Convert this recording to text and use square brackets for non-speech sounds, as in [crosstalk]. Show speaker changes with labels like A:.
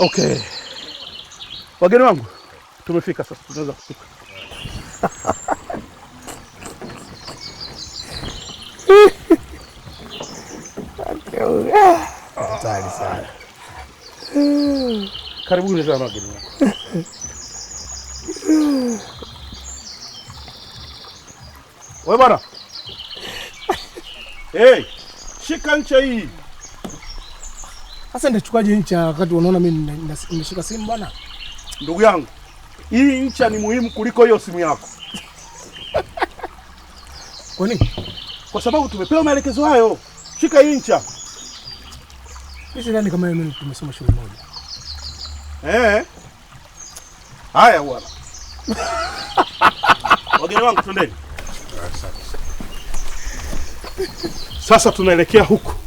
A: Okay. Wageni wangu tumefika sasa, tunaweza kusuka.
B: Hatari sana.
A: Karibuni sana wageni wangu. Wewe bwana. Hey, shika ncha hii.
C: Sasa nitachukaje ncha wakati unaona mimi nimeshika simu bwana?
A: Ndugu yangu, hii ncha ni muhimu kuliko hiyo simu yako. [laughs] Kwa nini? Kwa sababu tumepewa maelekezo hayo. Shika hii ncha.
C: Mimi sidhani kama mimi tumesoma shule moja.
A: Eh. Haya bwana. [laughs] Wageni wangu, twendeni. Sasa tunaelekea huko.